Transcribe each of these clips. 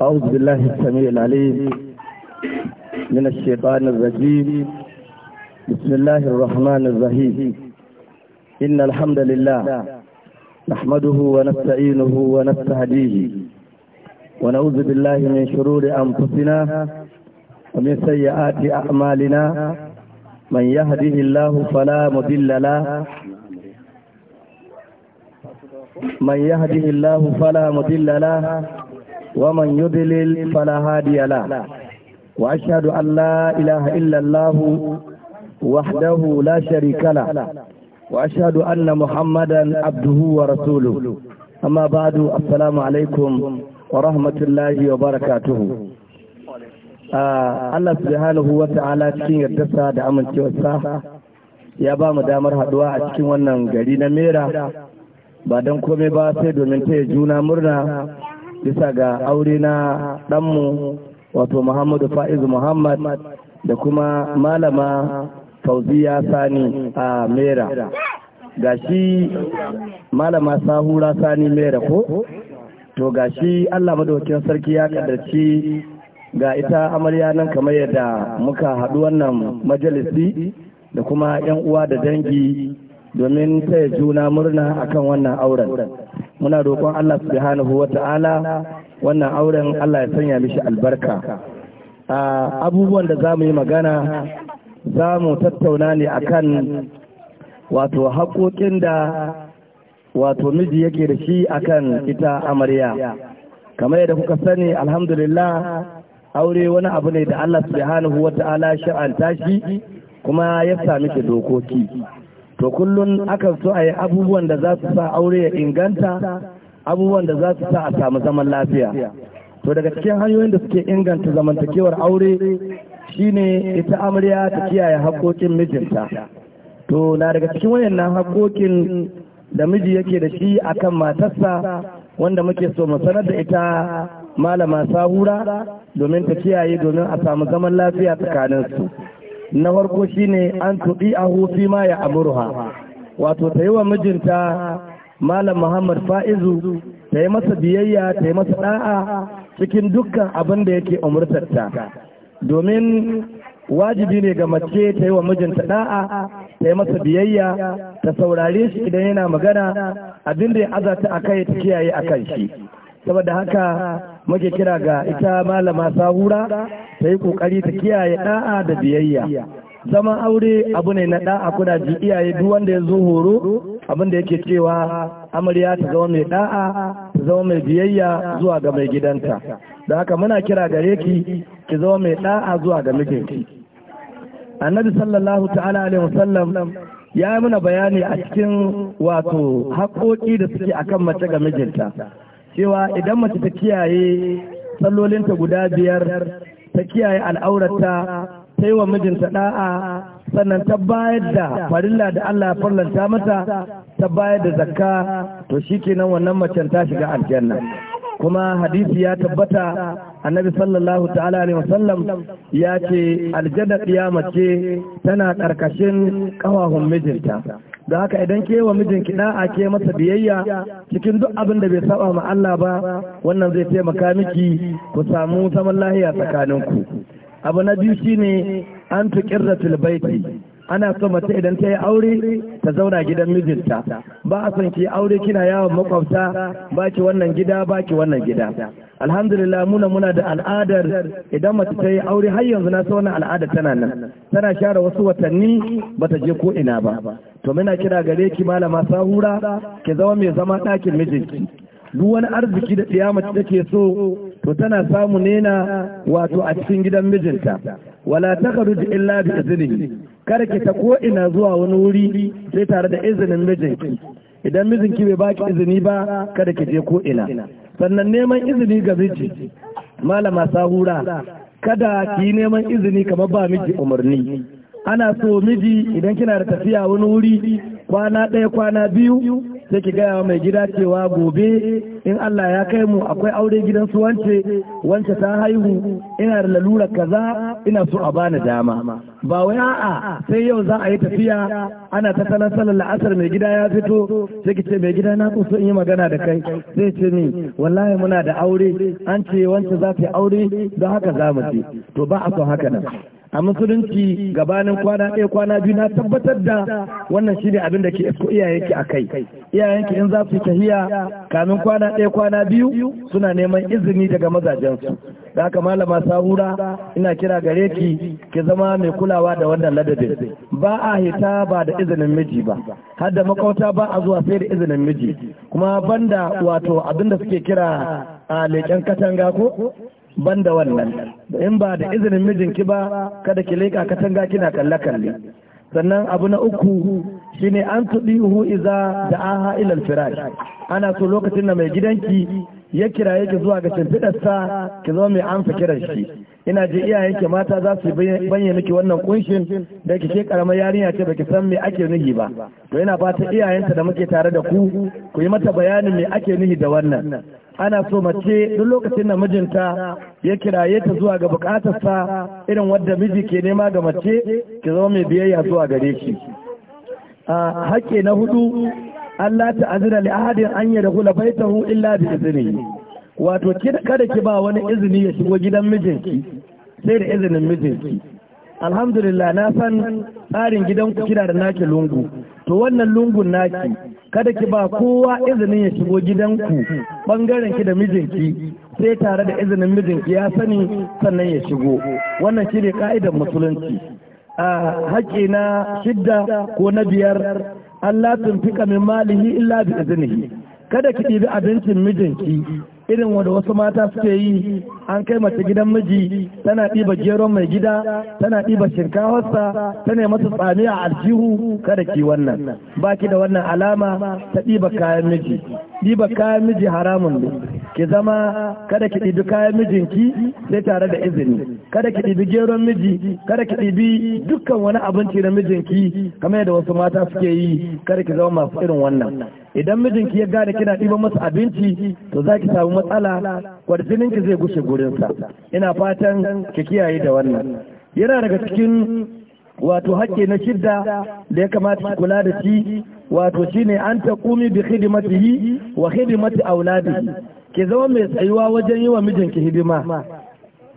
أعوذ بالله السميع العليم من الشيطان الرجيم بسم الله الرحمن الرحيم إن الحمد لله نحمده ونستعينه ونستهديه ونعوذ بالله من شرور أنفسنا ومن سيئات أعمالنا من يهده الله فلا مضل له من يهده الله فلا مضل له ومن يضلل فلا هادي له واشهد ان لا اله الا الله وحده لا شريك له واشهد ان محمدا عبده ورسوله اما بعد السلام عليكم ورحمه الله wa ta'ala cikin yardarsa da amincewarsa ya bamu damar haɗuwa a cikin wannan gari na mera ba don komai ba sai domin taya juna murna bisa ga aure na ɗanmu wato muhammadu fa'izu muhammad da kuma malama fauziya sani a mera ga shi malama sahura sani mera ko to ga shi allah madaukin sarki ya kadarci ga ita amarya nan kamar yadda muka haɗu wannan majalisi da kuma 'yan uwa da dangi domin taya juna murna akan wannan auren muna roƙon Allah subhanahu wa ta'ala wannan auren Allah ya sanya mishi albarka abubuwan da za mu yi magana za mu tattauna ne akan wato haƙoƙin da wato miji yake da shi akan ita amarya kamar yadda kuka sani alhamdulillah aure wani abu ne da Allah subhanahu wa ta'ala shi kuma ya sami dokoki to kullum akan so a yi abubuwan da za su sa aure ya inganta abubuwan da za su sa a samu zaman lafiya to daga cikin hanyoyin da suke inganta zamantakewar aure shine ita amarya ta kiyaye haƙoƙin mijinta to na daga cikin wayannan haƙoƙin da miji yake da shi akan matarsa wanda muke so mu sanar da ita malama sahura domin ta kiyaye domin a samu zaman lafiya tsakanin su na farko shine an tuɗi a hufi ma ya amurha wato ta yi wa mijinta malam muhammad fa'izu ta yi masa biyayya ta yi masa ɗa'a cikin dukkan abin da yake umurtarta domin wajibi ne ga mace ta yi wa mijinta ɗa'a ta yi masa biyayya ta saurare shi idan yana magana abin da ya azata a kai ta kiyaye a kan shi saboda haka muke kira ga ita malama sahura ta yi kokari ta kiyaye da'a da biyayya zama aure abu ne na da'a kuna ji iyaye duk wanda ya zo horo abin da yake cewa amarya ta zama mai da'a ta zama mai biyayya zuwa ga mai gidanta da haka muna kira gare ki ki zama mai da'a zuwa ga mijinki annabi sallallahu ta'ala alaihi wasallam ya yi mana bayani a cikin wato haƙoƙi da suke akan mace ga mijinta cewa idan mace ta kiyaye sallolinta guda biyar ta kiyaye al'aurata ta yi wa mijinta ɗa'a sannan ta bayar da farilla da Allah ya farlanta mata ta bayar da zakka to shikenan wannan macen ta shiga aljanna kuma hadisi ya tabbata annabi sallallahu ta'ala alaihi wasallam ya ce aljanna mace tana karkashin kawahun mijinta da haka idan ke wa mijin mijinki da'a ke masa biyayya cikin duk abin da bai saba ma Allah ba wannan zai taimaka miki ku samu zaman lahiya tsakaninku abu na biyu shine an tuƙirra baiti ana so mace idan ta yi aure ta zauna gidan mijinta ba a son ki aure kina yawon makwabta ba ki wannan gida ba ki wannan gida alhamdulillah muna muna da al'adar idan mace ta yi aure har yanzu na sa wannan al'ada tana nan tana share wasu watanni bata je ko ina ba to muna kira gare ki malama sahura ki zama mai zama ɗakin mijinki duk wani arziki da mace take so to tana samu nena wato a cikin gidan mijinta wala takhruj illa bi iznihi kar ki ta ko ina zuwa wani wuri sai tare da izinin mijinki idan mijinki bai baki izini ba kada ki je ko ina sannan neman izini ga miji malama sahura kada ki neman izini kamar ba miji umarni ana so miji idan kina da tafiya wani wuri kwana ɗaya kwana biyu sai ki gaya wa mai gida cewa gobe in Allah ya kai mu akwai aure gidan su wance wance ta haihu ina da lalura kaza ina so a bani dama ba wai a'a sai yau za a yi tafiya ana ta sanar salar la'asar mai gida ya fito sai ki ce mai gida na so in yi magana da kai zai ce ni wallahi muna da aure an ce wance za ta yi aure don haka za mu je to ba a so haka nan a musulunci gabanin kwana ɗaya kwana biyu na tabbatar da wannan shi ne abin da ke isko iyayenki a kai iyayenki in za su yi tahiya kamin kwana ɗaya kwana biyu suna neman izini daga mazajensu da haka malama sahura ina kira gare ki ki zama mai kulawa da wannan ladabin ba a hita ba da izinin miji ba har da makauta ba a zuwa sai da izinin miji kuma banda wato abin da suke kira a leƙen katanga ko banda wannan in ba da izinin mijinki ba kada ki leƙa katanga kina kalla kalle sannan abu na uku shine an tuɗi hu iza da aha ilal ana so lokacin da mai gidanki ya kira yake zuwa ga shimfiɗarsa ki zama mai amsa kiran shi ina je iyayenki mata za su bayyana miki wannan kunshin da ke karamar yarinya ce baki san me ake nuhi ba to ina fata iyayenta da muke tare da ku ku yi mata bayanin me ake nuhi da wannan ana so mace duk lokacin da mijinta ya kiraye ta zuwa ga bukatarsa irin wadda miji ke nema ga mace ki zama mai biyayya zuwa gare shi a haƙƙi na hudu Allah ta azina li ahadin an bai baitahu illa bi izini. wato kada ki ba wani izini ya shigo gidan mijinki sai da izinin mijinki alhamdulillah na san tsarin gidanku kira da naki lungu to wannan lungun naki kada ki ba kowa izinin ya shigo gidanku bangaren ki da mijinki sai tare da izinin mijinki ya sani sannan ya shigo wannan shi ne ka'idar musulunci a haƙƙi na shidda ko na biyar Allah tun fi min malihi illa bi izinihi kada ki ɗibi abincin mijinki irin wanda wasu mata suke yi an kai mace gidan miji tana ɗiba geron mai gida tana ɗiba shinkawarsa tana masa tsami a aljihu kada ki wannan baki da wannan alama ta ɗiba kayan miji ɗiba kayan miji haramun ne ki zama kada ki ɗibi kayan mijinki sai tare da izini kada ki ɗibi geron miji kada ki ɗibi dukkan wani abinci na mijinki kamar yadda wasu mata suke yi kada ki zama masu irin wannan idan mijinki ya gane kina ɗiba masa abinci to za ki samu matsala kwarjininki zai gushe gurinsa ina fatan ki kiyaye da wannan yana daga cikin wato hakke na shidda da ya kamata ki kula da shi wato shine an ta kumi bi khidmatihi wa khidmati auladihi ke zama mai tsayuwa wajen yi wa mijinki hidima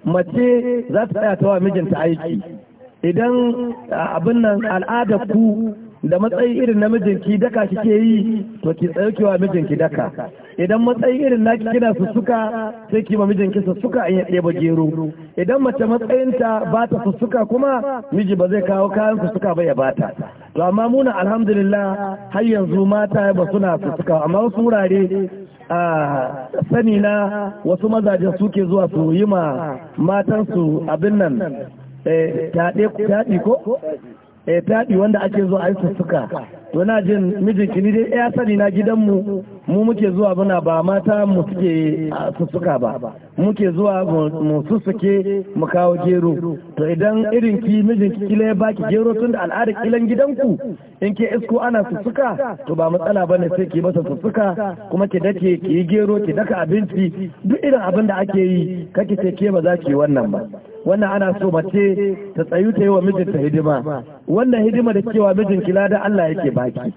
mace za ta tsaya ta wa mijinta aiki idan abin nan al'adar ku da matsayi irin na mijinki daka kike yi to ki wa mijinki daka idan matsayi irin na kina suka sai ki ma mijinki su suka in ya ɗeba gero idan mace matsayinta ba ta su suka kuma miji ba zai kawo kayan su suka ba ya bata to amma muna alhamdulillah har yanzu mata ba suna suka amma wasu wurare a sani na wasu mazajen suke zuwa su yi ma matansu abin nan eh, fyaɗe ko eh taɗi wanda ake zuwa a yi sussuka to na jin mijinki ni dai eh, ya sani na gidanmu mu muke zuwa muna ba mata mu suke sussuka ba muke zuwa mu sussuke mu kawo gero to idan irin ki mijin ki kila ya baki gero tun da al'adar kilan gidanku in ke isko ana sussuka to ba matsala ba bane sai ki masa sussuka kuma ki dake ki yi gero ki daka abinci duk irin abin da ake yi kake ce ke ba za ki yi wannan ba wannan ana so mace ta tsayu ta yi wa mijinta hidima wannan hidima da cewa mijin kila da Allah yake baki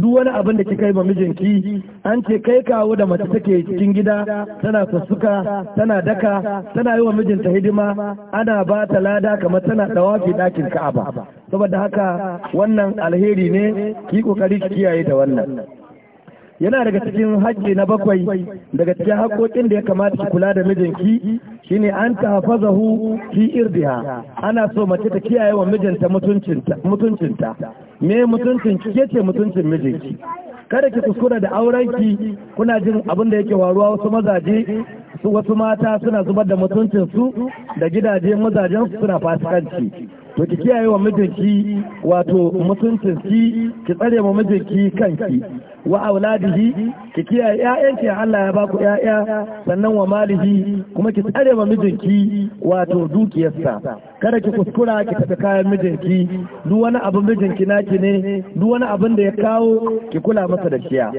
duk wani abin da kika yi ba mijinki an ce kai kawo da mace take cikin gida tana sussuka tana daka tana yi wa mijinta hidima ana ba ta lada kamar tana dawafi ɗakin ka'aba saboda haka wannan alheri ne ki kokari ki kiyaye da wannan yana daga cikin hajji na bakwai daga cikin haƙƙoƙin da ya kamata ki kula da mijinki shine an tahfazahu fi irdiha ana so mace ta kiyaye wa mijinta mutuncinta mutuncinta me mutuncin ki ce mutuncin mijinki kada ki kuskura da aurenki kuna jin abin da yake waruwa wasu mazaje su wasu mata suna zubar da mutuncinsu da gidaje mazajen suna fasikanci to ki kiyaye wa mijinki wato mutuncinki ki tsare wa mijinki kanki wa auladihi ki kiyaye ƴaƴanki Allah ya baku ƴaƴa sannan wa malihi kuma ki tsare wa mijinki wato dukiyarsa kada ki kuskura ki tafi kayan mijinki duk wani abu mijinki naki ne duk wani abin da ya kawo ki kula masa da shiya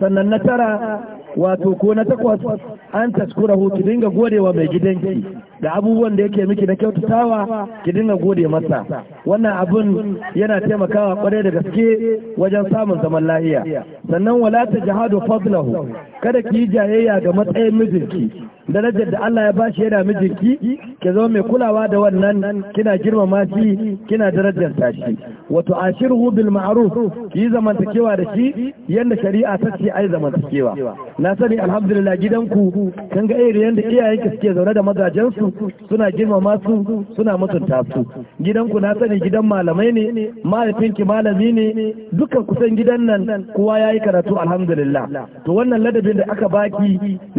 sannan na tara wato ko na takwas an taskura ki dinga godewa mai gidanki da abubuwan da yake miki na kyautatawa ki dinga gode masa wannan abun yana taimakawa kwarai da gaske wajen samun zaman lafiya sannan wala ta jahadu fadlahu kada ki yi jayayya ga matsayin mijinki darajar da Allah ya bashi yana mijinki ki zama mai kulawa da wannan kina girmama shi kina darajar shi wato ashiru bil ma'ruf ki zamantakewa da shi yanda shari'a ta ce ai zamantakewa na sani alhamdulillah gidanku kan ga irin yadda iyayenki suke zaune da mazajensu suna girmama su suna mutunta su gidanku na sani gidan malamai ne mahaifinki malami ne duka kusan gidan nan kowa ya yi karatu alhamdulillah to wannan ladabin da aka baki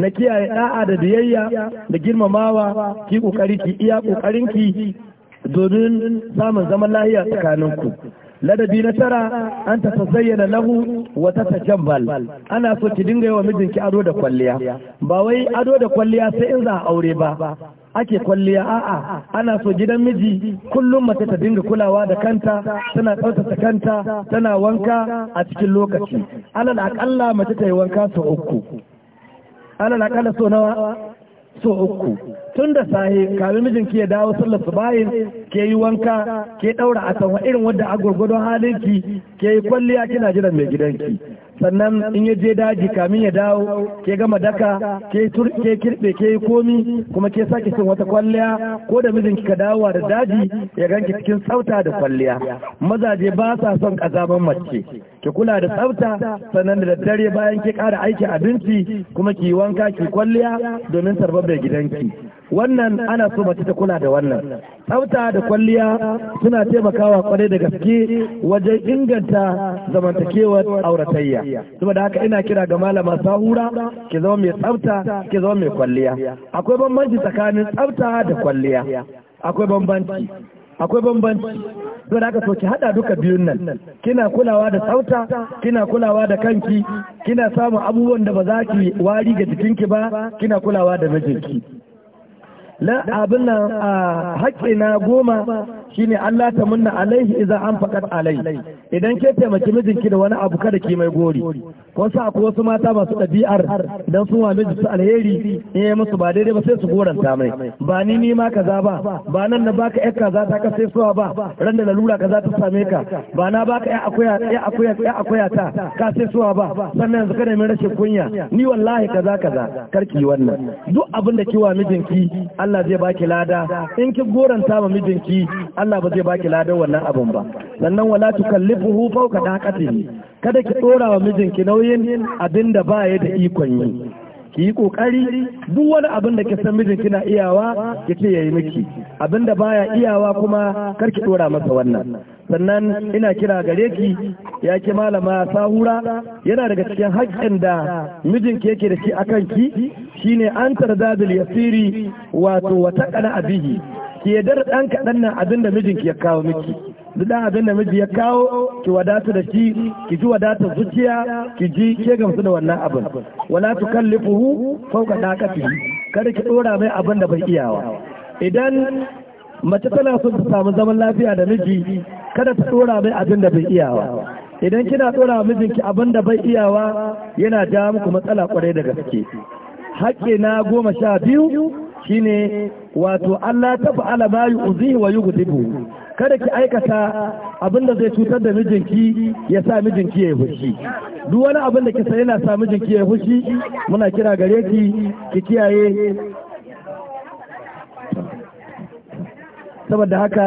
na kiyaye da'a da biyayya da girmamawa ki kokari ki iya kokarinki domin samun zaman lahiya tsakaninku ladabi na tara an ta zayyana lahu wa ta tajabbal ana so ki dinga yawa mijinki ado da kwalliya ba wai ado da kwalliya sai in za a aure ba ake kwalliya a'a ana so gidan miji kullum mace ta dinga kulawa da kanta tana tsautata kanta tana wanka a cikin lokaci alal akalla mace ta yi wanka sau uku alal akalla so nawa so uku tun da sahi kamin mijinki ya dawo sallar su bayin ke yi wanka ke daura a sanwa irin wadda a gurgudun halinki ke yi kwalliya kina jiran mai gidanki sannan in ya je daji kamin ya dawo ke gama daka ke kirbe ke yi komi kuma ke sake cin wata kwalliya ko da mijinki ka dawo da daji ya ganki cikin tsafta da kwalliya mazaje ba sa son kazaban mace ki kula da tsafta sannan da daddare bayan ki kara aiki abinci kuma ki wanka ki kwalliya domin sarbabe gidanki wannan ana so mace ta kula da wannan tsafta da kwalliya suna taimakawa kwarai da gaske wajen inganta zamantakewar auratayya saboda haka ina kira ga malama sahura ki zama mai tsafta ki zama mai kwalliya akwai bambanci tsakanin tsafta da kwalliya akwai bambanci akwai bambanci don haka so ki hada duka biyun nan kina kulawa da tsafta kina kulawa da kanki kina samun abubuwan da ba za ki wari ga jikinki ba kina kulawa da mijinki na abin nan a haƙƙi na goma shine Allah ta munna alaihi idan an faƙar alai idan ke taimaki mijinki da wani abu kada ki mai gori ko sa ko wasu mata masu ɗabi'ar dan sun wani su alheri in ya musu ba daidai ba sai su goranta mai ba ni ni ma kaza ba ba nan na baka yar kaza ta ka sai suwa ba ran da lalura kaza ta same ka ba na baka ƴa akuya yar akuya akuya ta ka sai suwa ba sannan yanzu kada mai rashin kunya ni wallahi kaza kaza karki wannan duk abin da kiwa mijinki Allah zai baki lada in ki goranta ma mijinki Allah ba zai baki ladan wannan abin ba sannan wala tukallifuhu fawqa taqatihi kada ki dora wa mijinki nauyin abinda ba ya da ikon yi ki yi kokari duk wani abin da ki san mijinki na iyawa ki ce yayi miki abinda da baya iyawa kuma kar ki dora masa wannan sannan ina kira gare ki ya ki malama sahura yana daga cikin haƙƙin da mijinki yake da shi akan ki shine an tarzadul yasiri wato wa taqana abihi ki yarda da ɗan kaɗan nan abin da mijinki ya kawo miki duk ɗan abin da miji ya kawo ki wadata da shi ki ji wadatar zuciya ki ji ke gamsu da wannan abin wala tu kallifuhu fawqa taqatihi kada ki dora mai abin da bai iyawa idan mace tana son ta samu zaman lafiya da miji kada ta dora mai abin da bai iyawa idan kina dora mijinki abin da bai iyawa yana ja muku matsala kwarai da gaske haƙƙi na goma sha biyu shine wato Allah ta fa'ala ma yu'zihi wa yughdibu kada ki aikata abinda zai cutar da mijinki ya sa mijinki ya yi fushi duk wani abin da kisa yana sa mijinki ya yi fushi muna kira gare ki ki kiyaye saboda haka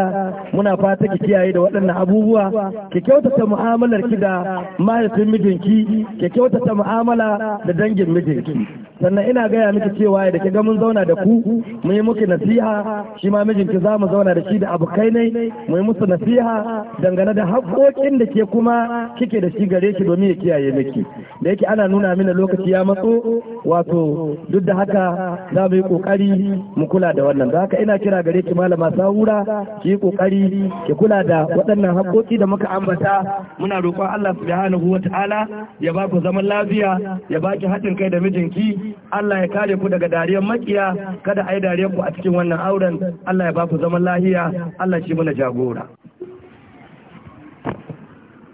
muna fata ki kiyaye da waɗannan abubuwa ki kyautata mu'amalar ki da mahaifin mijinki ki kyautata mu'amala da dangin mijinki sannan ina gaya miki cewa da kiga mun zauna da ku mu yi muku nasiha shi ma mijinki za mu zauna da shi da abokai ne mu yi musu nasiha dangane da haƙoƙin da ke kuma kike da shi gare shi domin ya kiyaye miki da yake ana nuna mini lokaci ya matso wato duk da haka za mu yi ƙoƙari mu kula da wannan da haka ina kira gare ki malama sahura ki yi ƙoƙari ki kula da waɗannan haƙoƙi da muka ambata muna roƙon Allah subhanahu ta'ala ya ba ku zaman lafiya ya ba ki haɗin kai da mijinki Allah ya kare ku daga dariyar makiya kada a yi dariyar ku a cikin wannan auren Allah ya ba ku zaman lahiya Allah shi mana jagora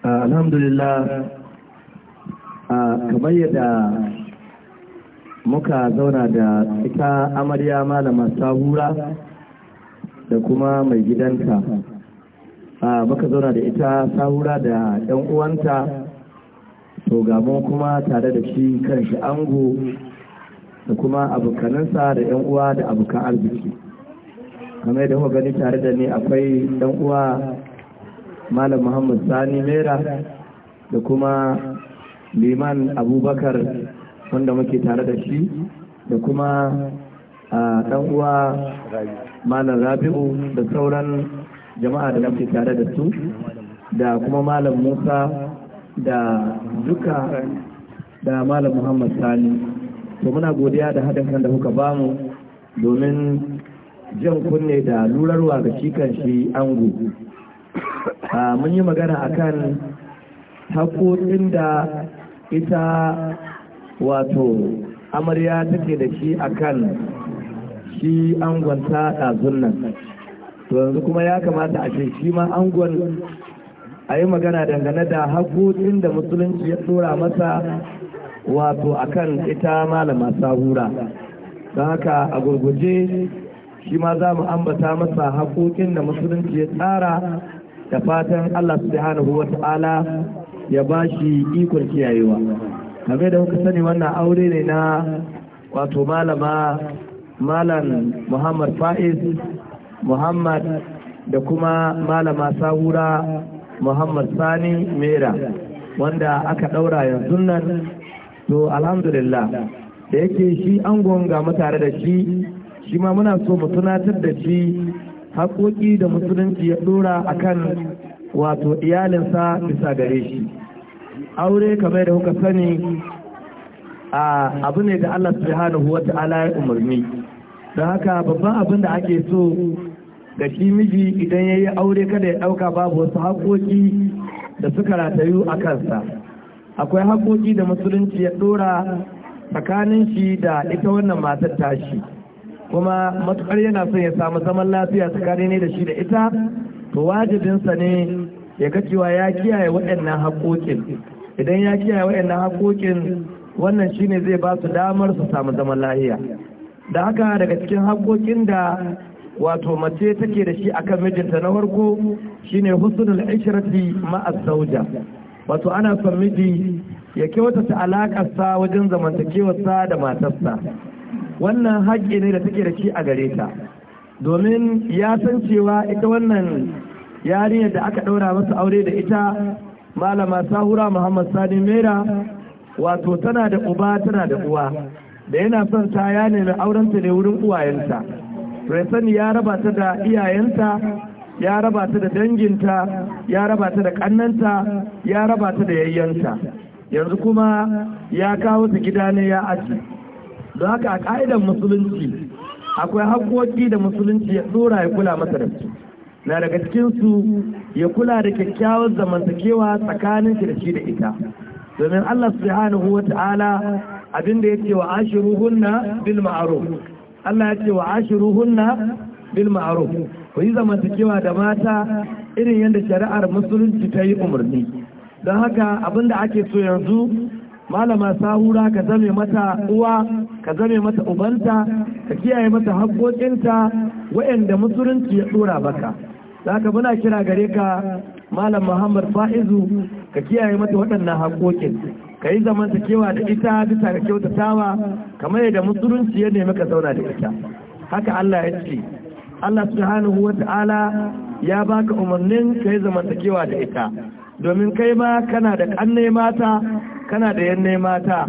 alhamdulillah kamar yadda muka zauna da ita amarya malama sahura da kuma mai gidanta muka zauna da ita sahura da 'yan uwanta to ga kuma tare da shi kan shi ango da kuma abokanansa da yan uwa da abokan arziki kamar yadda muka gani tare da ni akwai dan uwa malam muhammad sani mera da kuma liman abubakar wanda muke tare da shi da kuma dan uwa malam rabi'u da sauran jama'a da muke tare da su da kuma malam musa da duka da malam muhammad sani to muna godiya da haɗin kan da kuka bamu domin jan kunne da lurarwa ga shi kan shi mun yi magana akan haƙoƙin da ita wato amarya take da shi akan shi angonta ɗazun nan to yanzu kuma ya kamata a ce shi ma angon a yi magana dangane da haƙoƙin da musulunci ya tsora masa wato akan ita malama sahura don haka a gurguje shi ma za mu ambata masa haƙoƙin da musulunci ya tsara da fatan Allah subhanahu wa ta'ala ya ba shi ikon kiyayewa kamar da kuka sani wannan aure ne na wato malama malam muhammad fa'iz muhammad da kuma malama sahura muhammad sani mera wanda aka ɗaura yanzu nan to alhamdulillah da yake shi angon ga tare da shi shi ma muna so mu tunatar da shi haƙoƙi da musulunci ya ɗora akan wato iyalinsa bisa gare shi aure kamar da kuka sani a abu ne da Allah subhanahu wa ta'ala ya umarni don haka babban abin da ake so ga shi miji idan ya yi aure kada ya ɗauka babu wasu haƙoƙi da suka ratayu a kansa akwai haƙoƙi da musulunci ya ɗora tsakanin shi da ita wannan matar tashi kuma matuƙar yana son ya samu zaman lafiya tsakanin ne da shi da ita to wajibinsa ne ya ga ya kiyaye waɗannan haƙoƙin idan ya kiyaye waɗannan haƙoƙin wannan shi ne zai ba su damar su samu zaman lafiya da haka daga cikin haƙoƙin da wato mace take da shi akan mijinta na farko shine husnul ishrati ma'a zauja wato ana son miji ya kyautata alakarsa wajen zamantakewarsa da matarsa wannan haƙƙi ne da take da shi a gare ta domin ya san cewa ita wannan yarinyar da aka ɗaura masa aure da ita malama sahura muhammad sani mera wato tana da uba tana da uwa da yana son ta ya nemi aurenta ne wurin uwayenta sani ya raba ta da iyayenta ya raba ta da danginta ya raba ta da kannanta ya raba ta da yayyanta yanzu kuma ya kawo ta gida ne ya aji don haka a ka'idar musulunci akwai haƙoƙi da musulunci ya tsora ya kula masa da su na daga cikinsu ya kula da kyakkyawar zamantakewa tsakanin shi da shi da ita domin Allah subhanahu wa ta'ala abinda ya ce wa hunna bil ma'ruf Allah ya ce wa hunna. bil ma'ruf ku yi zamantakewa da mata irin yadda shari'ar musulunci ta yi umarni don haka abin da ake so yanzu malama sahura ka zame mata uwa ka zame mata ubanta ka kiyaye mata haƙoƙinta waɗanda musulunci ya ɗora baka za ka muna kira gare ka malam muhammad fa'izu ka kiyaye mata waɗannan haƙoƙin ka yi zamantakewa da ita bisa ga kyautatawa kamar yadda musulunci ya nemi ka zauna da ita haka allah ya ce Allah subhanahu wa ta'ala ya baka umarnin ka zamantakewa da ita domin kai ma kana da kanne mata kana da yanne mata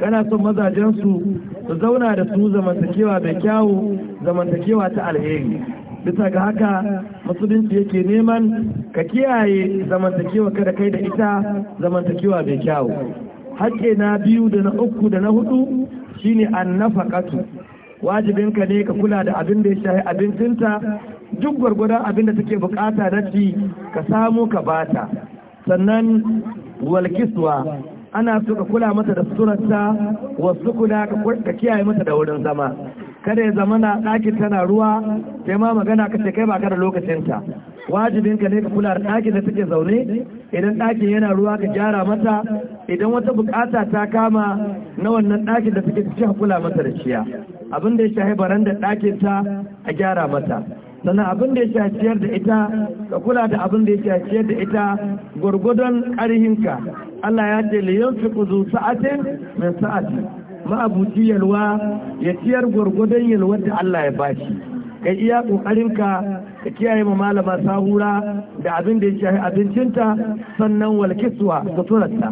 kana son mazajensu su zauna da su zamantakewa mai kyawu zamantakewa ta alheri bisa ga haka musulunci yake neman ka kiyaye zamantakewa kada kai da ita zamantakewa mai kyawu hakke na biyu da na uku da na hudu shine ƙatu. wajibinka ne ka kula da abin da ya shahi abincinta duk gwargwadon abin da take bukata na ci ka samu ka bata sannan walkiswa ana so ka kula masa da suturarta wasu kula ka kiyaye masa da wurin zama kada ya zama na ɗakin tana ruwa sai ma magana ka ce kai ba kada lokacinta wajibin ka ne ka kula da ɗakin da take zaune idan ɗakin yana ruwa ka gyara mata idan wata bukata ta kama na wannan ɗakin da take cikin kula mata da ciya abin da ya shahi barandar ɗakin ta a gyara mata sannan abin da ya shahi ciyar da ita ka kula da abin da ya shahi ciyar da ita gwargwadon ka Allah ya ce liyan fi kuzu sa'atin min sa'ati ma'abuci yalwa ya ciyar gwargwadon yalwar da Allah ya bashi kai iya ƙoƙarinka ka kiyaye ma malama sahura da abin da ya shafi abincinta sannan walkiswa suturarta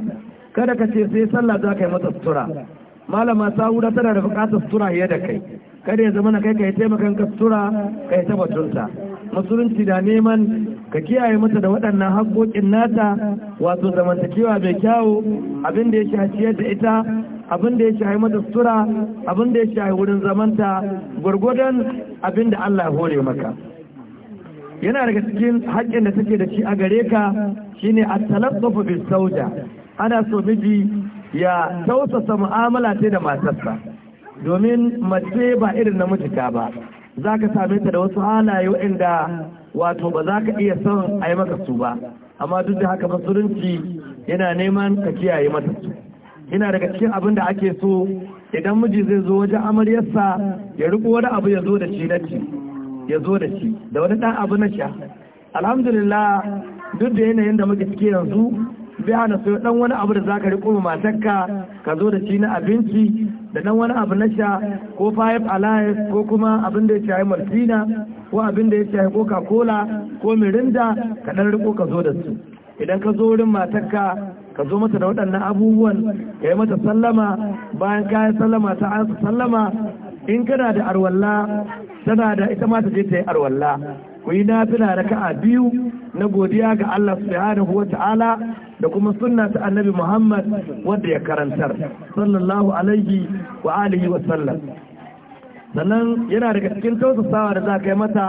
kada ka ce sai sallah za ka yi mata sutura malama sahura tana da buƙatar sutura fiye da kai kada ya zama na kai ka yi taimakan ka sutura ka yi tabbatunta musulunci da neman ka kiyaye mata da waɗannan haƙoƙin nata wato zamantakewa mai kyawu abin da ya ciyar da ita abin da ya shahi mata sutura abin da ya shahi wurin zamanta gwargwadon abin da Allah hore maka yana daga cikin haƙƙin da take da shi a gare ka shine a talaffufu bin sauja ana so miji ya tausasa mu'amala ta da matarsa domin mace ba irin namiji ta ba za ka same ta da wasu halaye waɗanda wato ba za ka iya son a yi maka su ba amma duk da haka musulunci yana neman ka kiyaye mata su yana daga cikin abin da ake so idan miji zai zo wajen amaryarsa ya riko wani abu ya zo da shi nace ya zo da shi da wani ɗan abu na sha alhamdulillah duk da yanayin da muke cike yanzu bai hana so dan wani abu da zaka riko ma matarka ka zo da shi na abinci da dan wani abu na sha ko five alive ko kuma abin da ya shayi martina ko abin da ya shayi coca cola ko mirinda ka dan riko ka zo da su idan ka zo wurin matarka ka zo mata da waɗannan abubuwan ka yi mata sallama bayan ka yi sallama ta ansa sallama in kana da arwalla tana da ita ma ta je ta yi arwalla ku yi nafila raka'a biyu na godiya ga Allah subhanahu wa ta'ala da kuma sunna ta annabi Muhammad wanda ya karantar sallallahu alaihi wa alihi wa sallam sannan yana daga cikin tausasawa da za ka yi mata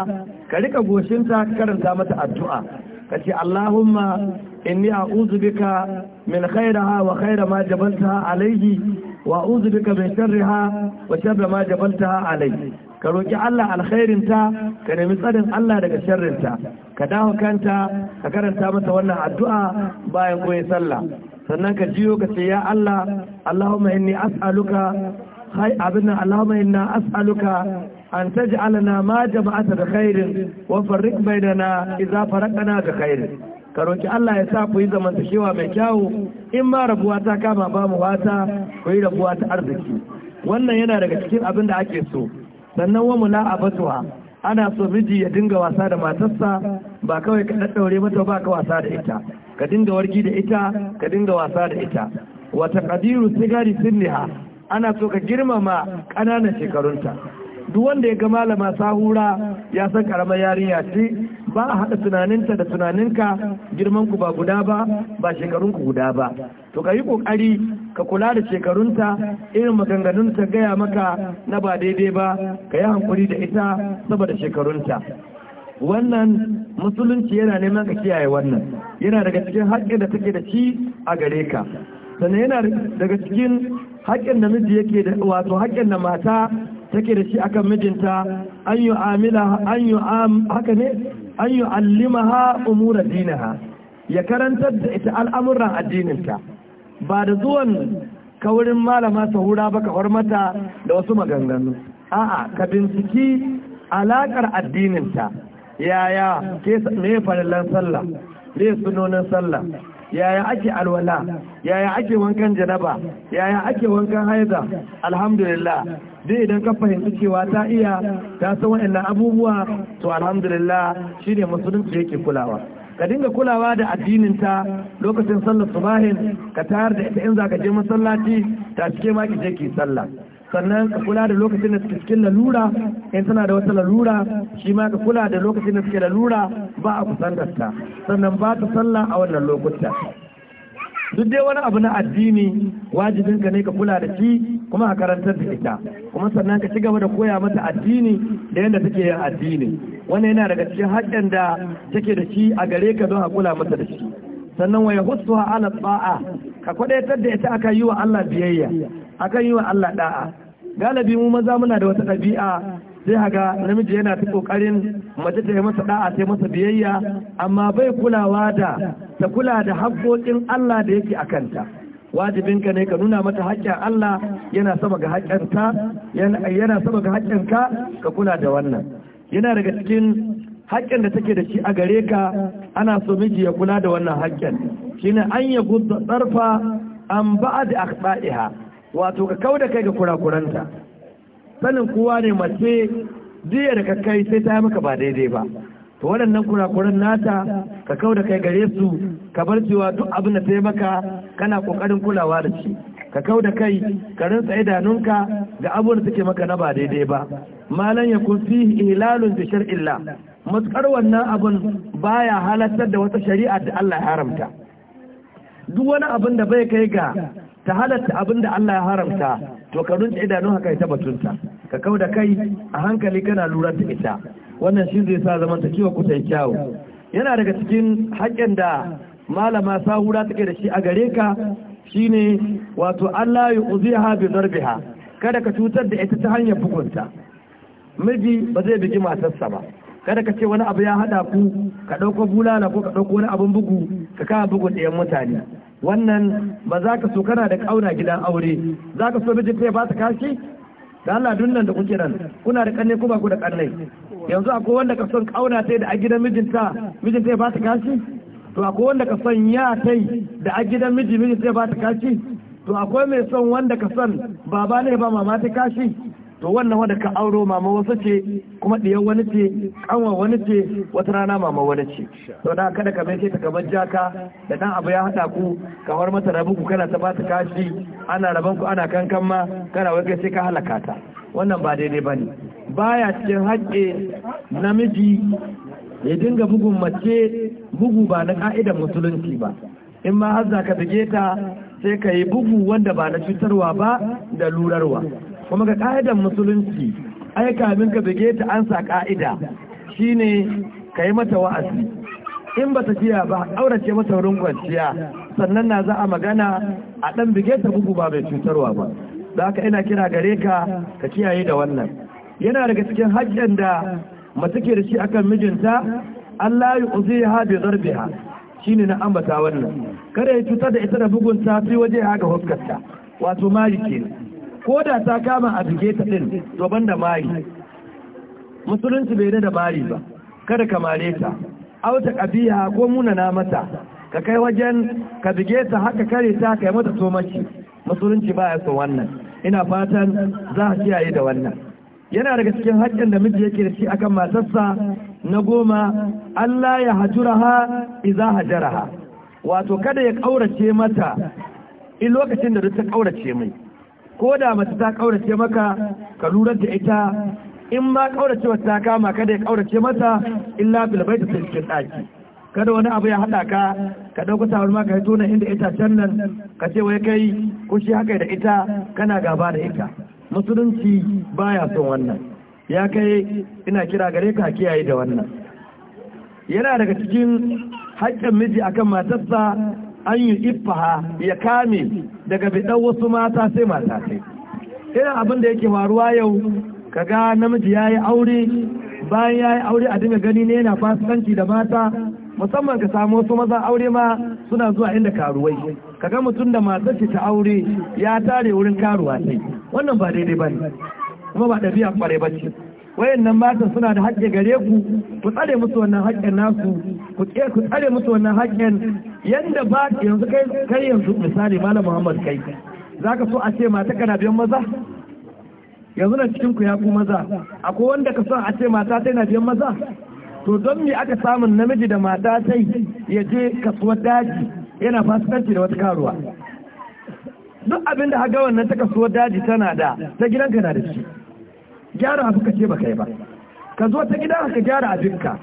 ka rika goshinta ka karanta mata addu'a kace Allahumma inni a'udhu bika min khairaha wa khaira ma jabaltaha alaihi wa a'udhu bika min sharriha wa sharra ma jabaltaha alaihi ka roki Allah alkhairin ka nemi tsarin Allah daga sharrinta ka dawo kanta ka karanta mata wannan addu'a bayan koyi sallah sannan ka jiyo ka ce ya Allah Allahumma inni as'aluka hay abinna Allahumma inna as'aluka an na ma jama'ata da khairin wa farriq bainana idza faraqana da khairin ka roki Allah ya sa ku yi zamantakewa mai kyawu in ma rabuwa ta kama ba mu wata ku yi rabuwa ta arziki wannan yana daga cikin abin da ake so sannan wa mula'abatuha ana so miji ya dinga wasa da matarsa ba kawai ka daddaure mata ba ka wasa da ita ka dinga wargi da ita ka dinga wasa da ita wata qadiru sigari sinniha ana so ka girmama ƙananan shekarunta duk wanda ya ga malama sahura ya san karamar yarinya ce ba a haɗa tunaninta da tunaninka girman ku ba guda ba ba shekarun ku guda ba to ka yi kokari ka kula da shekarunta irin maganganun ta gaya maka na ba daidai ba ka yi hankuri da ita saboda shekarunta wannan musulunci yana neman ka kiyaye wannan yana daga cikin haƙƙin da take da shi a gare ka sannan yana daga cikin haƙƙin da miji yake da wato haƙƙin da mata take da shi akan mijinta an yi amila an yi haka ne an yi allimaha umura dinaha ya karantar da ita al'amuran addininta ba da zuwan kaurin wurin malama sahura ba ka mata da wasu maganganu a'a ka binciki alaƙar addininta yaya ke me farillan sallah me sunonin sallah yaya ake alwala yaya ake wankan janaba yaya ake wankan haiza alhamdulillah dai idan ka fahimci cewa ta iya ta san wa'annan abubuwa to alhamdulillah shine musulunci yake kulawa ka dinga kulawa da addinin ta lokacin sallar subahin ka tayar da ita in za ka je masallaci ta cike ma ki je ki sallah sannan ka kula da lokacin da suke cikin lalura in tana da wata lalura shi ma ka kula da lokacin da suke lalura ba a kusan ta sannan ba ta sallah a wannan lokuta duk dai wani abu na addini wajibin ka ne ka kula da shi kuma a karantar da ita kuma sannan ka ci gaba da koya mata addini da yadda take yin addini wannan yana daga cikin haƙƙin da take da shi a gare ka don a kula mata da shi sannan wa yahussuha ala ba'a ka kwadaitar da ita akan yi wa Allah biyayya akan yi wa Allah da'a galibi mu maza muna da wata ɗabi'a sai haga namiji yana ta kokarin mace ta yi masa da'a ta masa biyayya amma bai kulawa da ta kula da haƙoƙin Allah da yake a kanta wajibinka ne ka nuna mata haƙƙin Allah yana sama ga haƙƙinta yana sama ga haƙƙinka ka kula da wannan yana daga cikin haƙƙin da take da shi a gare ka ana so miji ya kula da wannan haƙƙin shine an ya gudu tsarfa an ba'ad akhta'iha wato ka kauda kai ga kurakuranta sanin kowa ne mace jiya da kai sai ta yi maka ba daidai ba to waɗannan kurakuran nata ka kauda da kai gare su ka bar cewa duk abin da ta yi maka kana ƙoƙarin kulawa da shi ka kau da kai ka rinsa idanunka ga abubuwan da take maka na ba daidai ba malan ya kun fi ihlalun bi shar'illah matsar wannan abun baya halartar da wata shari'a da Allah ya haramta duk wani abin da bai kai ga ta halatta abin da Allah ya haramta to ka runce idanun haka ita batunta ka kau da kai a hankali kana lura da ita wannan shi zai sa zaman ta kiwa kuta kyawu yana daga cikin haƙƙin da malama sahura take da shi a gare ka shine wato Allah ya uziha bi zarbiha kada ka cutar da ita ta hanyar bugunta miji ba zai bigi matarsa ba kada ka ce wani abu ya hada ku ka ɗauko bulala ko ka ɗauko wani abun bugu ka kama bugun ɗayan mutane wannan ba za ka so kana da kauna gidan aure za ka so miji ya ba ta kashi da Allah dunnan nan da kuke nan kuna da kanne ko ba ku da kanne yanzu akwai wanda ka son kauna ta da a gidan mijinta mijin ya ba ta kashi to akwai wanda ka son ya ta da a gidan miji mijinta ya ba ta kashi to akwai mai son wanda ka son baba ne ba mama ta kashi to wannan wadda ka auro mama wasu ce kuma ɗiyan wani ce ƙanwa wani ce wata rana mama wani ce to da kada ka mai ta gaban jaka da ɗan abu ya haɗa ku kamar mata rabu ku kana ta ba ta kashi ana raban ku ana kankan ma kana wai sai ka halaka ta wannan ba daidai bane baya cikin haƙƙe namiji ya dinga bugun mace bugu ba na ka'idar musulunci ba in ma har za ka bige ta sai ka yi bugu wanda ba na cutarwa ba da lurarwa kuma ga ƙa'idar musulunci ai kamin ka bige ta an sa ƙa'ida shine ka yi mata wa'azi in ba ta jiya ba aurace mata wurin kwanciya sannan na za a magana a ɗan bige ta bugu ba mai cutarwa ba da haka ina kira gare ka ka kiyaye da wannan yana daga cikin hajjan da mace ke da shi akan mijinta Allah ya uzi ha bi zarbiha shine na ambata wannan kada ya cutar da ita da bugun ta fi waje ya ga huskarta wato mari kenan ko da ta kama a duke ta ɗin doban da mari musulunci bai da mari ba kada ka mare ta auta ƙabiya ko munana mata ka kai wajen ka duke ta haka kare ta kai mata mace. musulunci ba ya so wannan ina fatan za a kiyaye da wannan yana daga cikin haƙƙin da miji yake da shi akan matarsa na goma Allah ya ha iza ha wato kada ya ƙaurace mata in lokacin da duk ta ƙaurace mai ko da mace ta kaurace maka ka lura da ita in ma wata ta kama kada ya kaurace mata illa bil baita sai cikin daki kada wani abu ya hada ka ka dauko tawar ma ka yi tona inda ita can nan ka ce wai kai kushi haka da ita kana gaba da ita musulunci baya son wannan ya kai ina kira gare ka kiyaye da wannan yana daga cikin haƙƙin miji akan matarsa an yi iffaha ya kame daga bidan wasu mata sai mata sai irin abin da yake faruwa yau kaga namiji ya yi aure bayan ya yi aure a dinga gani ne yana fasikanci da mata musamman ka samu wasu maza aure ma suna zuwa inda karuwai kaga mutum da mata shi ta aure ya tare wurin karuwa sai wannan ba daidai ba ne kuma ba ɗabi'a kwarai ba ce nan matan suna da haƙƙi gare ku ku tsare musu wannan haƙƙin nasu ku ku tsare musu wannan haƙƙin yanda ba yanzu kai kai yanzu misali malam Muhammad kai zaka so a ce mata kana biyan maza yanzu na cikin ku ya ku maza akwai wanda ka so a ce mata tai na biyan maza to don me aka samun namiji da mata sai ya je kasuwar daji yana fasikanci da wata karuwa duk abinda haga wannan ta kasuwar daji tana da ta gidanka na da shi gyara abu ka ce ba kai ba ka zo ta gida ka gyara abinka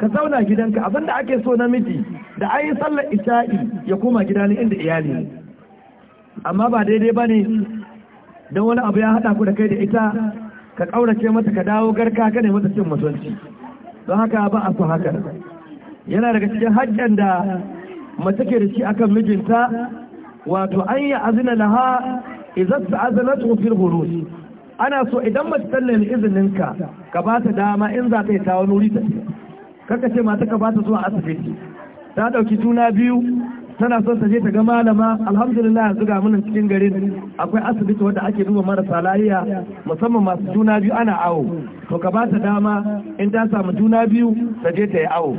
ka zauna gidanka abinda ake so namiji da ayi sallar isha'i ya koma gida ne inda iyali amma ba daidai ba ne don wani abu ya haɗa ku da kai da ita ka ƙaurace mata ka dawo garka ka ne mata cin mutunci don haka ba a so haka yana daga cikin hajjan da mace ke da shi akan mijinta wato an yi azina laha idan ta azina fil hurusi ana so idan mace ta nemi izininka ka ba ta dama in za ta yi tawo nuri ta kaka ce mata ka ba ta zuwa asibiti ta ɗauki juna biyu tana son ta je ta ga malama alhamdulillah yanzu ga munin cikin garin akwai asibiti wanda ake duba marasa lafiya musamman masu juna biyu ana awo to ka ba ta dama in ta samu juna biyu ta je ta yi awo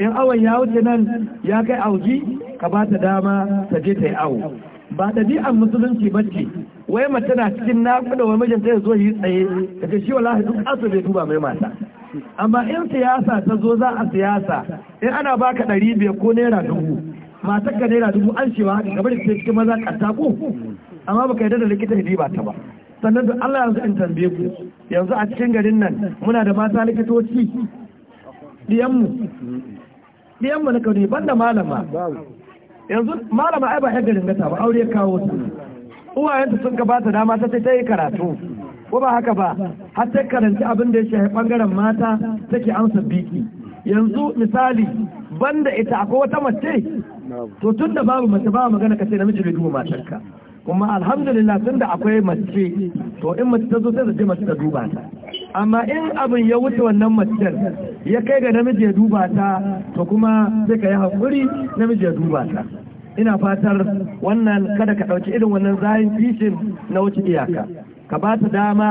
in awon ya wuce nan ya kai auji ka ba ta dama ta je ta yi awo ba ɗabi'ar musulunci ba ce wai mace na cikin naƙuda wai mijinta ya zo yi tsaye daga shi wallahi duk asu bai tuba mai mata amma in siyasa ta zo za a siyasa in ana baka ɗari biyar ko naira dubu mata ka naira dubu an cewa haka kamar da cikin maza ƙarta ko amma baka yarda da likita ya diba ta ba sannan da Allah yanzu in tambaye ku yanzu a cikin garin nan muna da mata likitoci diyanmu mu na kauni banda malama yanzu malama ai ba hagarin garin gata ba aure kawo ta uwayenta sun ka bata dama ta ta yi karatu ko ba haka ba har ta karanci abin da ya shafi bangaren mata take amsa biki yanzu misali banda ita akwai wata mace to tun da babu mace ba magana ka ce namiji bai duba matarka kuma alhamdulillah tun da akwai mace to in mace ta zo sai ta je mace ta duba ta amma in abin ya wuce wannan maciyar ya kai ga namiji ya duba ta to kuma sai ka yi haƙuri namiji ya duba ta ina fatar wannan kada ka ɗauki irin wannan zayin fishin na wuce iyaka ka ba ta dama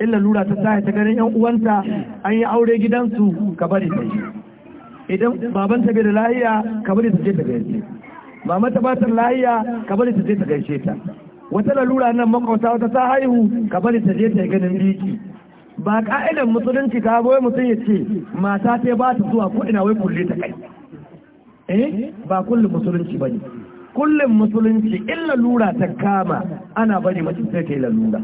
in lura ta sa ta ganin yan uwanta an yi aure gidansu ka bari ta yi idan baban ta da lahiya ka bari ta je ta gaishe mama ta ba ta lahiya ka bari ta je ta gaishe ta wata lalura nan makwauta wata ta haihu ka bari ta je ta ganin biki ba ka'idan musulunci ta goyi mutum ya ce mata sai ba ta zuwa ko ina wai kulle ta kai eh ba kullum musulunci bane kullum musulunci illa lura ta kama ana bari mace sai ta yi lalura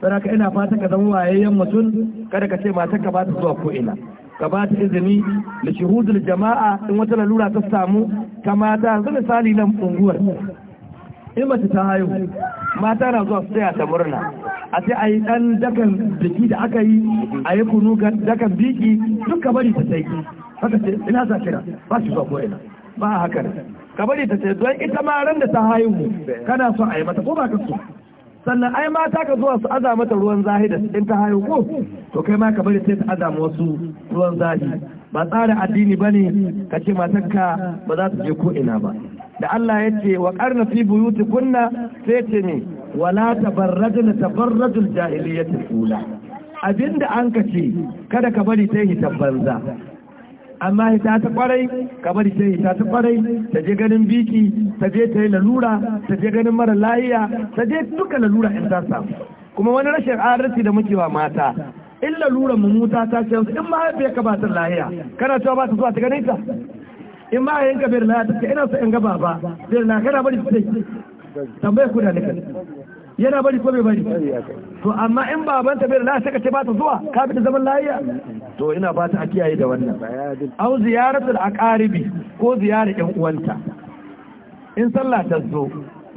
don ka ina fata ka zama wayayyen mutum kada ka ce mata ka ba ta zuwa ko ina ka ba ta izini da shuhudul jama'a in wata lalura ta samu ta mata yanzu misali nan unguwar in mace ta haihu mata na zuwa su tsaya ta murna a sai a yi ɗan dakan biki da aka yi a yi kunu dakan biki duka bari ta sai haka ce ina za kira ba shi zuwa ko'ina ba haka ka bari ta sai don ita ma ran da ta haihu kana son a yi mata ko ba ka so sannan ai mata ka zuwa su aza mata ruwan zahi su in ta hayo ko to kai ma ka bari sai ta aza wasu ruwan zahi ba tsara addini bane ka ce matanka ba za ta je ko ina ba da Allah ya ce wa karna fi buyuti kunna sai ce ne wala tabarrajna tabarrajul jahiliyyati ula abinda an ka ce kada ka bari ta yi banza amma ita ta kwarai kamar ita ita ta kwarai ta je ganin biki ta je ta yi lalura ta je ganin mara lahiya ta je duka lalura in ta samu kuma wani rashin adalci da muke wa mata in lalura mu muta ta ce in mahaifiya ka ba ta lahiya kana cewa ba ta zuwa ta ganin ta. in mahaifiyar ka bai lahiya ta ce ina so in ga baba bai na kana bari sai tambaye ku da nika yana bari ko bai bari to amma in babanta bai lahiya ta ce ba ta zuwa ka bi da zaman lahiya to ina fata a kiyaye da wannan au ziyaratul aqaribi ko ziyarar yan uwanta in sallah ta zo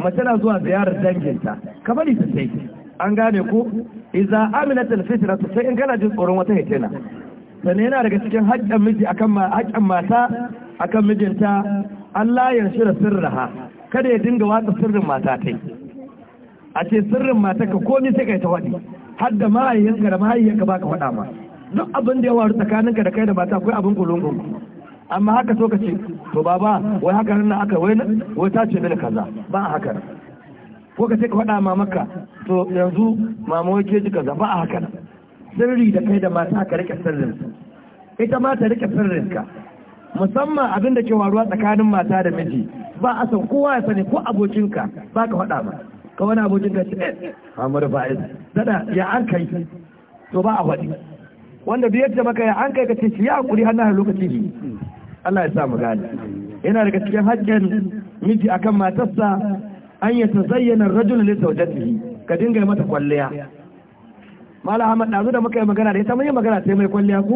mace na zuwa ziyarar danginta ka bari ta sai an gane ko idza aminatul fitra sai in kana jin tsoron wata hitina sannan yana daga cikin haƙƙin miji akan ma haƙƙin mata akan mijinta Allah ya shirya sirraha kada ya dinga watsa sirrin mata tai a ce sirrin mata ka komai sai kai ta wadi har da mahaihinka da mahaihinka baka faɗa ma duk abin da ya waru tsakaninka da kai da mata akwai abin kulungun amma haka so ka ce to baba wai haka nan aka wai wai ta ce mini kaza ba a haka ko ka ce ka faɗa mamaka to yanzu mama wai ke ji kaza ba a haka sirri da kai da mata ka rike sirrin ita ma ta rike ka, musamman abin da ke waruwa tsakanin mata da miji ba a san kowa ya sani ko abokinka ba ka faɗa ba ka wani abokinka ce eh Muhammadu ba'iz dada ya an kai to ba a faɗi wanda duk yadda maka an kai ka ce shi ya hakuri har lokaci ne Allah ya sa mu gane yana daga cikin haƙƙin miji akan matarsa an ya tazayyana rajul li zawjatihi ka dinga mata kwalliya Malam Ahmad ɗazu da muka yi magana da ita mun yi magana sai mai kwalliya ko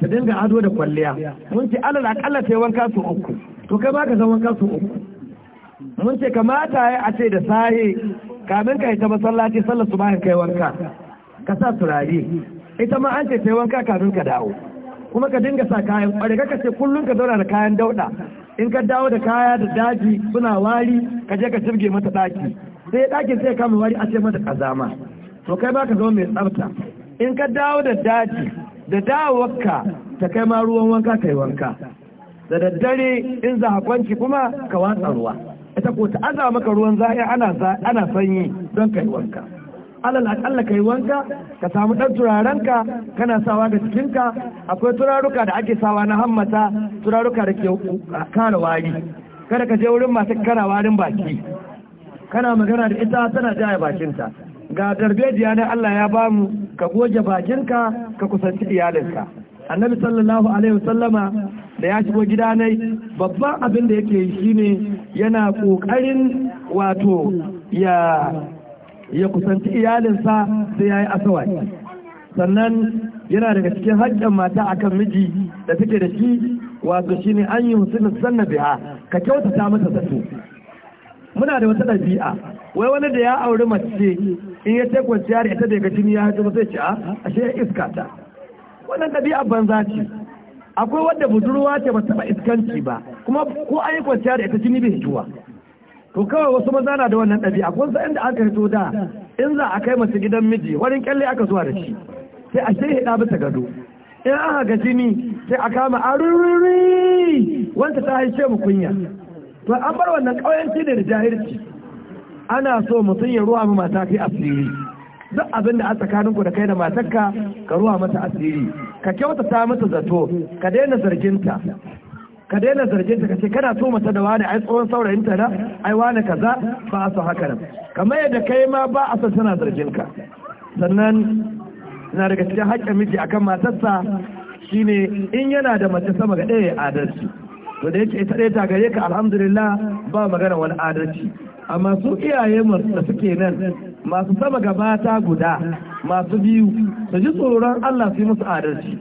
ta dinga ado da kwalliya mun ce alal akalla sai wanka su uku to kai ma ka san wanka su uku mun ce kamata ya a ce da sahi kamin ka yi ta masallaci sallar su bayan kai wanka ka sa turare ita ma an ce sai wanka kafin ka dawo kuma ka dinga sa kayan ƙware ka ce kullum ka zauna da kayan dauɗa in ka dawo da kaya da daji suna wari ka je ka jirge mata ɗaki sai dakin sai kama wari a ce mata kazama to kai ba ka zama mai tsafta in ka dawo da daji da dawowarka ta kai ma ruwan wanka ka yi wanka da daddare in za kwanci kuma ka watsa ruwa ita ko ta aza maka ruwan za'i ana sanyi don ka yi wanka alal akalla kai wanka ka samu dan turarenka kana sawa ga cikinka akwai turaruka da ake sawa na hammata turaruka da ke kare wari kada ka je wurin masu kana warin baki kana magana da ita tana jaya bakinta ga darbejiya na Allah ya bamu ka goge bakinka ka kusanci iyalinka annabi sallallahu alaihi wasallama da ya shigo gida babban abin da yake yi shine yana kokarin wato ya ya kusanci iyalinsa sai ya yi asawaki sannan yana daga cikin haƙƙin mata akan miji da suke da shi wato shine an yi husnul sannan biya? ka kyautata masa zato muna da wata ɗabi'a wai wani da ya auri mace in ya ce kwanciya da ita daga jini ya hajji zai ci a ah, ashe ya iska ta wannan ɗabi'a banza ce akwai wadda budurwa ce ba taɓa iskanci ba kuma ko an yi kwanciya da ita jini bai juwa to kawai wasu maza na da wannan ɗabi'a kun san inda aka fito da in za a kai masu gidan miji wani kyalle aka zuwa da shi sai a sai hida bisa gado in aka ga jini sai a kama arururi wanda ta haice mu kunya to an bar wannan ƙauyanci da jahilci ana so mutum ya ruwa mu mata kai asiri duk abin da a tsakaninku da kai da matarka ka ruwa mata asiri ka kyautata mata zato ka daina zarginta ka daina zargin ta kace kana so mata da wani ai tsohon saurayin ta na ai wani kaza ba a so haka nan kamar yadda kai ma ba a so tana zargin ka sannan na daga cikin haƙƙin miji akan matarsa shine in yana da mace sama ga ɗaya adalci to da yake ita ɗaya ta gare ka alhamdulillah ba magana wani adalci amma su iyaye da suke nan masu sama mata guda masu biyu su ji tsoron Allah su yi musu adalci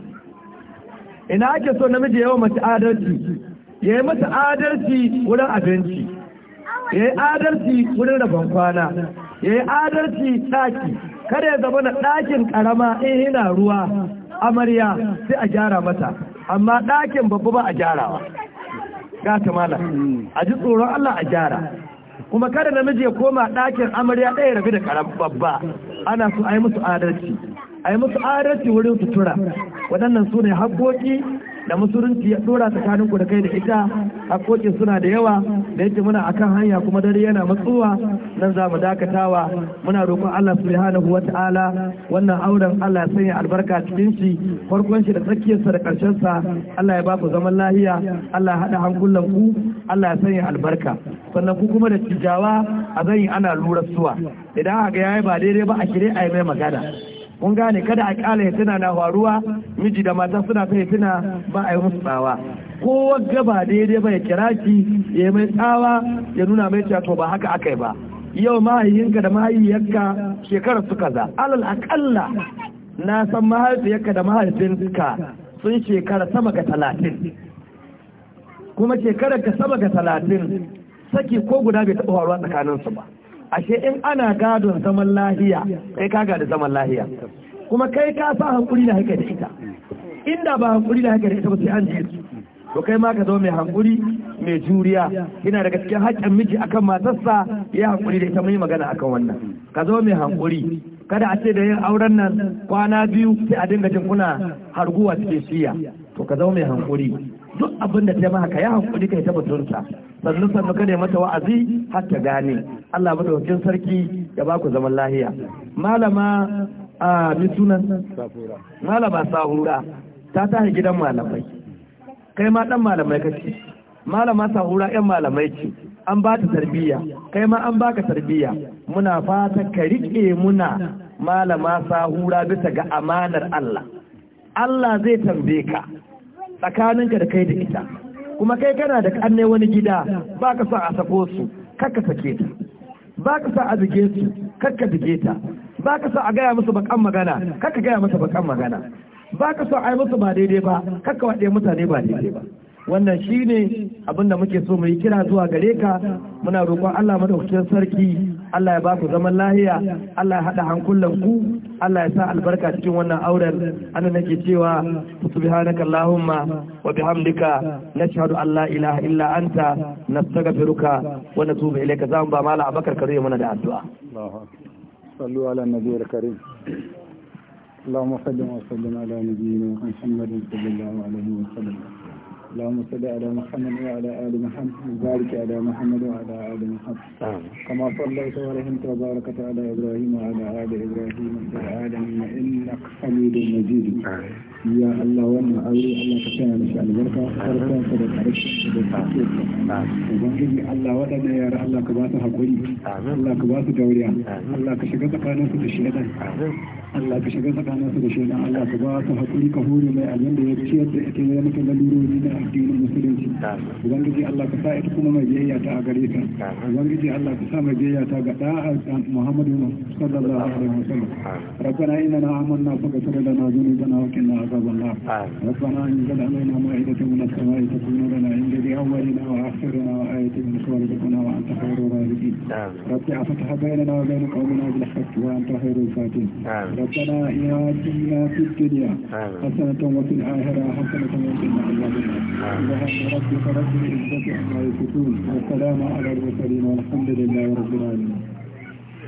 ina ake so namiji yawa mace adalci ya yi mata adalci wurin abinci ya yi adalci wurin rabon kwana ya yi adalci ɗaki kada ya zama na ɗakin ƙarama in hina ruwa amarya sai a gyara mata amma ɗakin babba ba a gyarawa ta mala a ji tsoron Allah a gyara kuma kada namiji ya koma ɗakin amarya ɗaya rabi da ƙaramin babba ana so a yi musu adalci a yi musu adalci wurin sutura waɗannan su ne haƙoƙi da musulunci ya ɗora tsakanin ku da kai da ita haƙoƙi suna da yawa da yake muna akan hanya kuma dare yana matsuwa nan za mu dakatawa muna roƙon Allah subhanahu wa ta'ala wannan auren Allah ya sanya albarka cikin shi farkon shi da tsakiyarsa da ƙarshen sa Allah ya ba ku zaman lahiya Allah ya haɗa hankulan ku Allah ya sanya albarka sannan ku kuma da tijawa a zanyi ana lura suwa idan haka yayi ba daidai ba a shirye a yi mai magana kun gane kada a ya tana na faruwa miji da mata suna ta tuna ba a yi musu tsawa kowa gaba daidai ba ya kira ki ya mai tsawa ya nuna mai cewa to ba haka aka yi ba yau mahaihinka da mahaihiyarka shekarar su kaza alal akalla na san mahaifiyarka da mahaifinka sun shekara sama ga talatin kuma shekarar ka sama ga talatin saki ko guda bai taɓa faruwa tsakaninsu ba ashe in ana gadon zaman lahiya kai ka gada zaman lahiya kuma kai ka sa hankuri da haka da ita inda ba hankuri da haka da ita ba sai an jiye to kai ma ka zo mai hankuri mai juriya yana daga cikin haƙƙin miji akan matarsa ya hankuri da ita mun yi magana akan wannan ka zo mai hankuri kada a ce da yin auren nan kwana biyu sai a dinga jin kuna harguwa cikin shiya to ka zo mai hankuri duk abin da ta ma ka yi hankali kai ta batunsa sannu sannu kada mata wa'azi har ta gane Allah madaukakin sarki ya ba ku zaman lahiya malama a mitunan malama sahura ta tashi gidan malamai kai ma dan malamai kace malama sahura yan malamai ce an ba ta tarbiyya kai ma an baka tarbiyya muna fata ka rike muna malama sahura bisa ga amanar Allah Allah zai tambaye ka tsakaninka da kai da ita kuma kai kana da kanne wani gida ba ka sa a sako su kakka sake ta ba ka sa a zige su kakka zige ta ba ka sa a gaya musu bakan magana kakka gaya musu bakan magana ba ka sa a yi musu ba daidai ba kakka waɗe mutane ba daidai ba wannan shi ne abinda muke so mu yi kira zuwa gare ka muna roƙon Allah madaukakin sarki Allah ya ba ku zaman lahiya Allah ya haɗa hankulan ku Allah ya sa albarka cikin wannan auren ana nake cewa subhanaka allahumma wa bihamdika nashhadu an la ilaha illa anta nastaghfiruka wa natubu ilayka zamu ba mala abakar kare mana da addu'a sallu ala nabiyil karim اللهم صل وسلم على نبينا محمد صلى الله عليه وسلم اللهم صل على محمد وعلى آل محمد وبارك على محمد وعلى آل محمد كما صليت ورحمت وباركت على إبراهيم وعلى آل إبراهيم في العالمين إنك حميد مجيد يا الله وانا أولي الله كتانا نشاء البركة فرقا صدق عليك صدق عليك وبنجي الله وانا يا رب الله كباسة حقولي الله كباسة دوريا الله كشكتك أنا في الشيطان Allah ka shiga tsakaninsu da shaidan Allah ka ba su haƙuri ka hore mai abin da ya ciyar addinin musulunci ubangiji Allah ka sa ita kuma mai jayya ta gare ta ubangiji Allah ka sa mai jayya ta ga da'a Muhammadu sallallahu alaihi wasallam rabbana inna innana amanna faghfir lana dhunubana wa qina adhaban nar rabbana anzil alaina ma'idatan min as-sama'i takunu lana inda bi awwalina wa akhirina wa ayatin min sawrikuna wa anta khairur rabbi rabbi afatah bainana wa bain qawmina bil haqq wa anta khairul fatin rabbana ya atina fid dunya hasanatan wa fil akhirati hasanatan wa qina adhaban سبحان ربك رب العزة عما يصفون والسلام على المرسلين والحمد لله رب العالمين